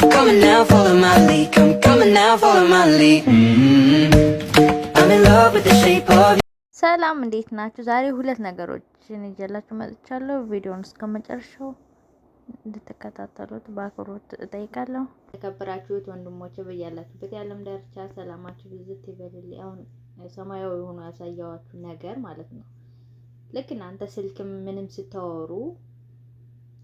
Coming now, follow my lead. coming now, follow my lead. Mm-hmm. I'm in love with the shape of you. ሰላም እንዴት ናችሁ? ዛሬ ሁለት ነገሮችን ይዤላችሁ መጥቻለሁ። ቪዲዮውን እስከ መጨረሻው እንድትከታተሉት በአክብሮት እጠይቃለሁ። የተከበራችሁት ወንድሞቼ በያላችሁበት የዓለም ዳርቻ ሰላማችሁ ብዝት ይበልል። አሁን ሰማያዊ ሆኖ ያሳያዋችሁ ነገር ማለት ነው። ልክ እናንተ ስልክም ምንም ስታወሩ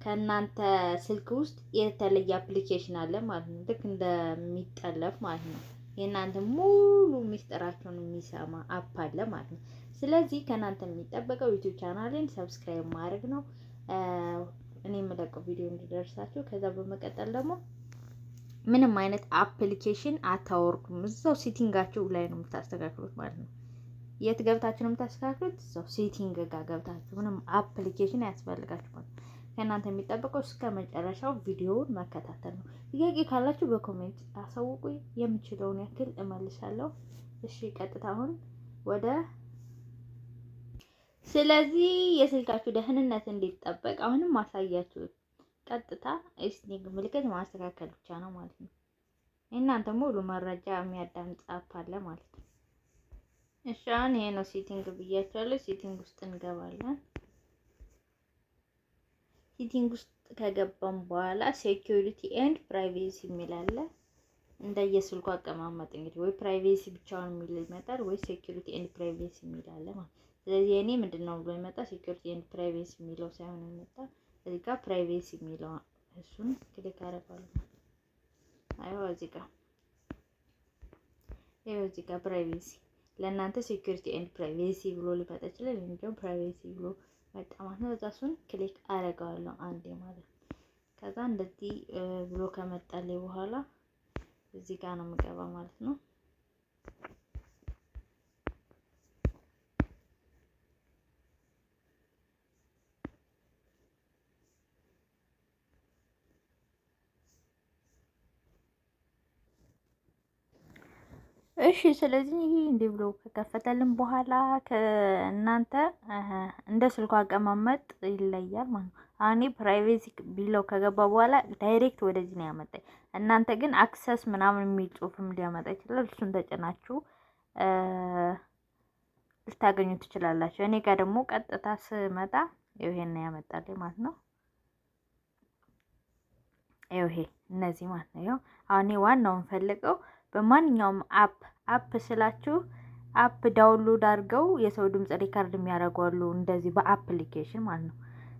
ከእናንተ ስልክ ውስጥ የተለየ አፕሊኬሽን አለ ማለት ነው። ልክ እንደሚጠለፍ ማለት ነው። የእናንተ ሙሉ ሚስጥራቸውን የሚሰማ አፕ አለ ማለት ነው። ስለዚህ ከእናንተ የሚጠበቀው ዩቱብ ቻናልን ሰብስክራይብ ማድረግ ነው፣ እኔ የምለቀው ቪዲዮ እንዲደርሳችሁ። ከዛ በመቀጠል ደግሞ ምንም አይነት አፕሊኬሽን አታወርዱም። እዛው ሴቲንጋቸው ላይ ነው የምታስተካክሉት ማለት ነው። የት ገብታችሁ ነው የምታስተካክሉት? እዛው ሴቲንግ ጋር ገብታችሁ ምንም አፕሊኬሽን አያስፈልጋችሁ ማለት ነው። ከእናንተ የሚጠበቀው እስከ መጨረሻው ቪዲዮውን መከታተል ነው። ጥያቄ ካላችሁ በኮሜንት አሳውቁ፣ የምችለውን ያክል እመልሳለሁ። እሺ ቀጥታ አሁን ወደ ስለዚህ የስልካችሁ ደህንነት እንዲጠበቅ አሁንም ማሳያችሁት ቀጥታ ስኒግ ምልክት ማስተካከል ብቻ ነው ማለት ነው። እናንተ ሙሉ መረጃ የሚያዳምጥ አፕ አለ ማለት ነው። እሺ አሁን ይሄ ነው ሴቲንግ ብያቸዋለሁ። ሴቲንግ ውስጥ እንገባለን። ሴቲንግ ውስጥ ከገባም በኋላ ሴኪሪቲ ኤንድ ፕራይቬሲ የሚል አለ። የስልኩ አቀማመጥ እንግዲህ ወይ ፕራይቬሲ ብቻውን የሚል ይመጣል፣ ወይ ሴኪሪቲ ኤንድ ፕራይቬሲ የሚል አለ ማለት ነው። ስለዚህ እኔ ምንድን ነው ብሎ ይመጣ ሴኪሪቲ ኤንድ ፕራይቬሲ የሚለው ሳይሆን የሚመጣ እዚህ ጋር ፕራይቬሲ የሚለው እሱን ክሊክ አደርጋለሁ። አይዋ እዚህ ጋር ይኸው እዚህ ጋር ፕራይቬሲ ለእናንተ ሴኪሪቲ ኤንድ ፕራይቬሲ ብሎ ሊመጣ ይችላል። ይሄን ደግሞ ፕራይቬሲ ብሎ መጣ ነው። እዛ እሱን ክሊክ አደርገዋለሁ አንዴ ማለት ነው። ከዛ እንደዚህ ብሎ ከመጣልኝ በኋላ እዚህ ጋር ነው የምገባ ማለት ነው። እሺ ስለዚህ እንዲ ብሎ ከከፈተልን በኋላ ከእናንተ እንደ ስልኩ አቀማመጥ ይለያል ማለት ነው። እኔ ፕራይቬሲ ቢለው ከገባ በኋላ ዳይሬክት ወደዚህ ነው ያመጣኝ። እናንተ ግን አክሰስ ምናምን የሚል ጽሁፍም ሊያመጣ ይችላል። እሱን ተጭናችሁ ልታገኙ ትችላላችሁ። እኔ ጋር ደግሞ ቀጥታ ስመጣ ይሄን ያመጣልኝ ማለት ነው። ይሄ እነዚህ ማለት ነው። አሁን ዋናውን ፈልገው በማንኛውም አፕ አፕ ስላችሁ አፕ ዳውንሎድ አድርገው የሰው ድምፅ ሪከርድ የሚያደርጉ አሉ፣ እንደዚህ በአፕሊኬሽን ማለት ነው።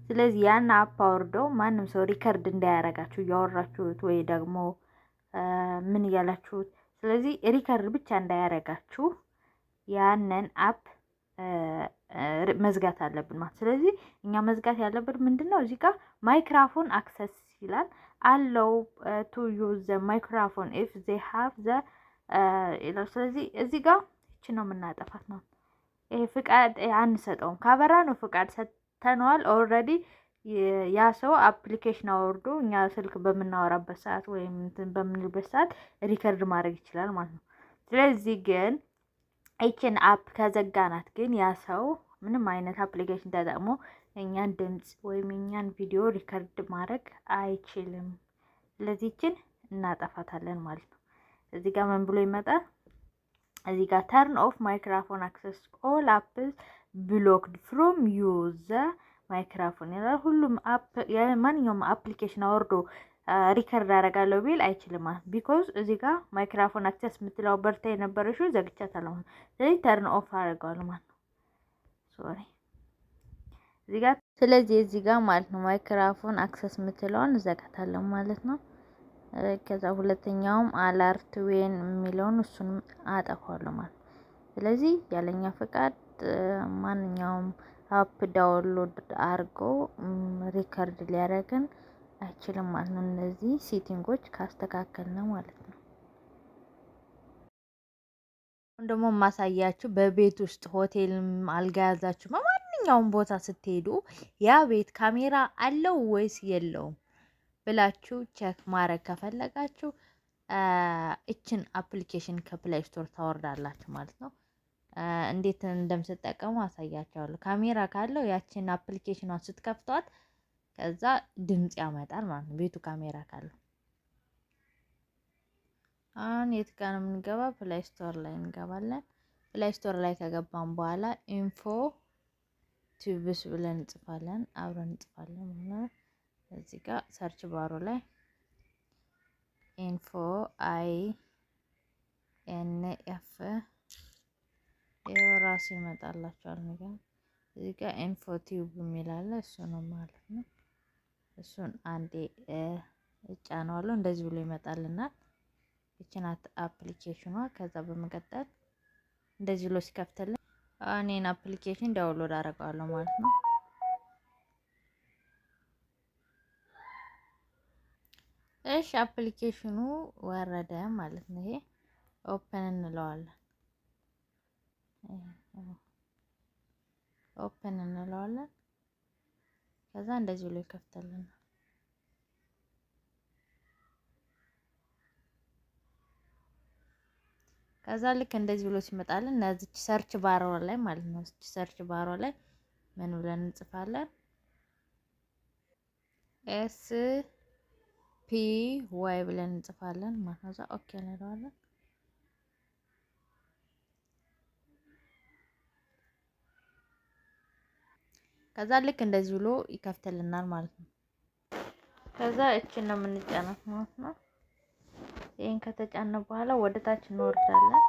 ስለዚህ ያን አፕ አውርደው ማንም ሰው ሪከርድ እንዳያረጋችሁ እያወራችሁት ወይ ደግሞ ምን እያላችሁት፣ ስለዚህ ሪከርድ ብቻ እንዳያረጋችሁ ያንን አፕ መዝጋት አለብን ማለት። ስለዚህ እኛ መዝጋት ያለብን ምንድን ነው? እዚህ ጋር ማይክራፎን አክሰስ ይላል። አለው ቱ ዩዝ ዘ ማይክሮፎን ኢፍ ዘ ሃቭ ዘ ይላል። ስለዚህ እዚህ ጋር እቺ ነው የምናጠፋት ነው። ይሄ ፍቃድ አንሰጠውም። ካበራ ነው ፍቃድ ሰጥተነዋል ኦልሬዲ። ያ ሰው አፕሊኬሽን አወርዶ እኛ ስልክ በምናወራበት ሰዓት ወይም እንትን በምንልበት ሰዓት ሪከርድ ማድረግ ይችላል ማለት ነው። ስለዚህ ግን ይችን አፕ ከዘጋናት ግን ያ ሰው ምንም አይነት አፕሊኬሽን ተጠቅሞ እኛን ድምፅ ወይም እኛን ቪዲዮ ሪከርድ ማድረግ አይችልም። ለዚችን እናጠፋታለን ማለት ነው። እዚህ ጋር ምን ብሎ ይመጣል? እዚህ ጋር ተርን ኦፍ ማይክራፎን አክሰስ ኦል አፕል ብሎክድ ፍሮም ዩዘ ማይክራፎን ይላል። ሁሉም ማንኛውም አፕሊኬሽን አወርዶ ሪከርድ አደርጋለሁ ቢል አይችልም ቢኮዝ እዚህ ጋር ማይክራፎን አክሰስ የምትለው በርታ የነበረችው ዘግቻታለሁ ስለዚህ ተርን ኦፍ አደርገዋለሁ ማለት ነው። ሶሪ እዚህ ጋር ስለዚህ እዚህ ጋር ማለት ነው ማይክራፎን አክሰስ የምትለዋን እዘጋታለሁ ማለት ነው። ከዛ ሁለተኛውም አላርት ዌን የሚለውን እሱን አጠፋለሁ ማለት ነው። ስለዚህ ያለኛ ፈቃድ ማንኛውም አፕ ዳውንሎድ አድርጎ ሪከርድ ሊያደርግን አይችልም ማለት ነው። እነዚህ ሴቲንጎች ካስተካከል ነው ማለት ነው። አሁን ደግሞ የማሳያችሁ በቤት ውስጥ ሆቴል አልጋ ያዛችሁ ማንኛውም ቦታ ስትሄዱ ያ ቤት ካሜራ አለው ወይስ የለውም ብላችሁ ቼክ ማድረግ ከፈለጋችሁ እችን አፕሊኬሽን ከፕላይ ስቶር ታወርዳላችሁ ማለት ነው። እንዴት እንደምትጠቀሙ አሳያችኋለሁ። ካሜራ ካለው ያችን አፕሊኬሽኗን ስትከፍቷት ከዛ ድምፅ ያመጣል ማለት ነው። ቤቱ ካሜራ ካለው አሁን የት ጋ ነው የምንገባ? ፕላይ ስቶር ላይ እንገባለን። ፕላይ ስቶር ላይ ከገባን በኋላ ኢንፎ ቲዩብስ ብለን እንጽፋለን፣ አብረን እንጽፋለን ማለት ነው። እዚህ ጋር ሰርች ባሩ ላይ ኢንፎ አይ ኤን ኤፍ ራሱ ይመጣላቸዋል። ነገር እዚህ ጋር ኢንፎ ቲዩብ የሚላለ እሱ ነው ማለት ነው። እሱን አንዴ እጫነዋለሁ እንደዚህ ብሎ ይመጣልናል። ይችናት አፕሊኬሽኗ ከዛ በመቀጠል እንደዚህ ብሎ ሲከፍትልን እኔን አፕሊኬሽን ዳውንሎድ አደርገዋለሁ ማለት ነው። እሺ አፕሊኬሽኑ ወረደ ማለት ነው። ይሄ ኦፕን እንለዋለን ኦፕን እንለዋለን። ከዛ እንደዚህ ብሎ ይከፍተልን። ከዛ ልክ እንደዚህ ብሎ ሲመጣልን እዚች ሰርች ባሯ ላይ ማለት ነው። እዚች ሰርች ባሯ ላይ ምን ብለን እንጽፋለን? ኤስ ፒ ዋይ ብለን እንጽፋለን ማለት ነው። እዛ ኦኬ እንለዋለን። ከዛ ልክ እንደዚህ ብሎ ይከፍትልናል ማለት ነው። ከዛ እችን ነው የምንጫናት ማለት ነው። ይህን ከተጫነ በኋላ ወደ ታች እንወርዳለን።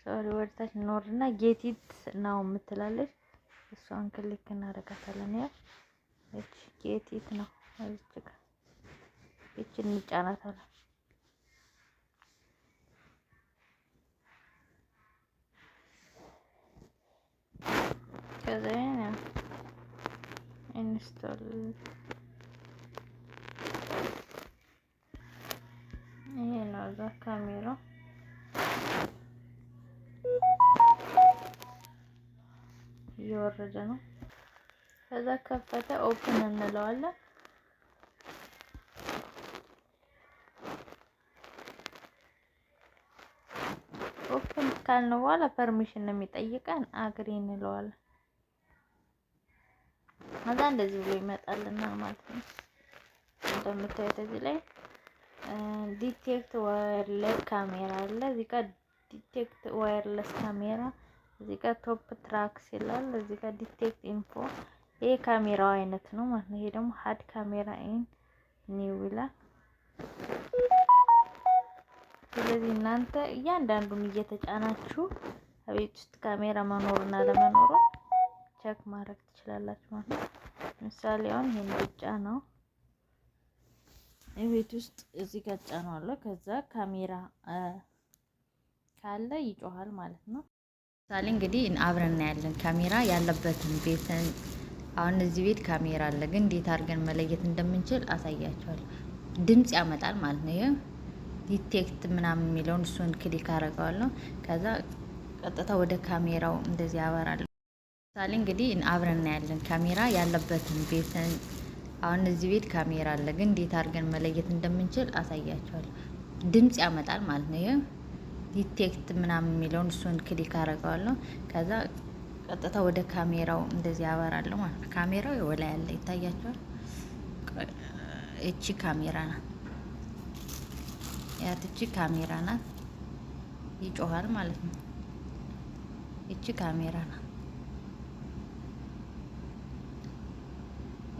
ሶሪ ወደ ታች እንወርድና ጌቲት ነው የምትላለች እሷን ክሊክ እናደርጋታለን። ያ እቺ ጌቲት ነው እዚች ጋር እቺ እንጫናታለን። ከዛ ኢንስቶል ከዛ ካሜራ እየወረደ ነው። ከዛ ከፈተ ኦፕን እንለዋለን። ኦፕን ካልነው በኋላ ፐርሚሽን ነው የሚጠይቀን። አግሪ እንለዋለን። ከዛ እንደዚህ ብሎ ይመጣልናል ማለት ነው። እንደምታዩት እዚህ ላይ ዲቴክት ዋየርለስ ካሜራ አለ። እዚህ ጋር ዲቴክት ዋየርለስ ካሜራ፣ እዚህ ጋር ቶፕ ትራክስ ይላል። እዚህ ጋር ዲቴክት ኢንፎ ይሄ ካሜራው አይነት ነው ማለት ነው። ይሄ ደግሞ ሀድ ካሜራ ኢን ኒው ይላል። ስለዚህ እናንተ እያንዳንዱን እየተጫናችሁ ቤት ውስጥ ካሜራ መኖሩና ለመኖሩ ቸክ ማድረግ ትችላላችሁ ማለት ነው። ምሳሌ አሁን ይሄን ብቻ ነው። ቤት ውስጥ እዚህ ጋር ጫነዋለሁ። ከዛ ካሜራ ካለ ይጮሃል ማለት ነው። ምሳሌ እንግዲህ አብረን እናያለን ካሜራ ያለበትን ቤትን። አሁን እዚህ ቤት ካሜራ አለ፣ ግን እንዴት አድርገን መለየት እንደምንችል አሳያቸዋል። ድምፅ ያመጣል ማለት ነው። ይህ ዲቴክት ምናምን የሚለውን እሱን ክሊክ አደርገዋለሁ። ከዛ ቀጥታ ወደ ካሜራው እንደዚህ ያበራል። ምሳሌ እንግዲህ አብረን እናያለን ካሜራ ያለበትን ቤትን አሁን እዚህ ቤት ካሜራ አለ፣ ግን እንዴት አድርገን መለየት እንደምንችል አሳያቸዋል። ድምፅ ያመጣል ማለት ነው። ዲቴክት ምናምን የሚለውን እሱን ክሊክ አረገዋለሁ። ከዛ ቀጥታ ወደ ካሜራው እንደዚህ ያበራለሁ ማለት ነው። ካሜራው የወላ ያለ ይታያቸዋል። እቺ ካሜራ ናት፣ ያት እቺ ካሜራ ናት። ይጮኋል ማለት ነው። እቺ ካሜራ ናት።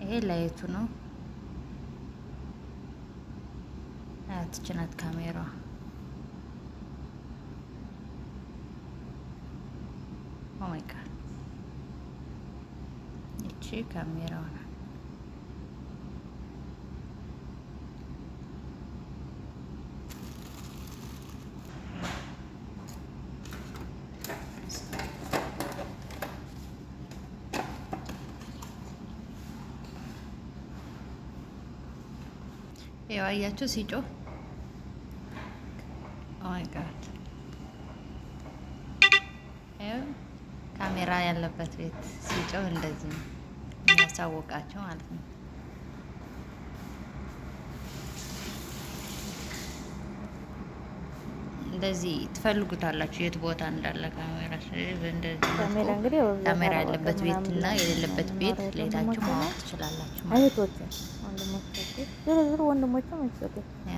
ይሄ ላይቱ ነው። አያትችናት ካሜራ ኦማይጋድ ይቺ ካሜራው ነው። ይኸው አያችሁ ሲጮህ ኦማይጋድ oh ካሜራ ያለበት ቤት ሲጮህ እንደዚህ ነው የሚያሳውቃቸው ማለት ነው። እንደዚህ ትፈልጉታላችሁ የት ቦታ እንዳለ ካሜራ እንደዚህ ካሜራ ያለበት ቤት እና የሌለበት ቤት ሌታችሁ ማወቅ ትችላላችሁ። እህቶች ዝሮ ዝሮ ወንድሞችም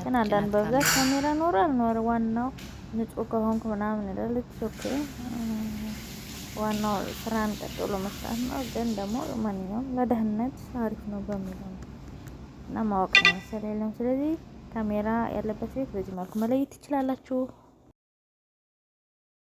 ግን አንዳንድ በብዛት ካሜራ ኖረ አልኖረ ዋናው ንጹህ ከሆንኩ ምናምን ይላል። ኦኬ ዋናው ስራን ቀጥሎ መስራት ነው። ግን ደግሞ ማንኛውም ለደህንነት አሪፍ ነው በሚለው እና ማወቅ ነው መሰለኝ የለም። ስለዚህ ካሜራ ያለበት ቤት በዚህ መልኩ መለየት ትችላላችሁ።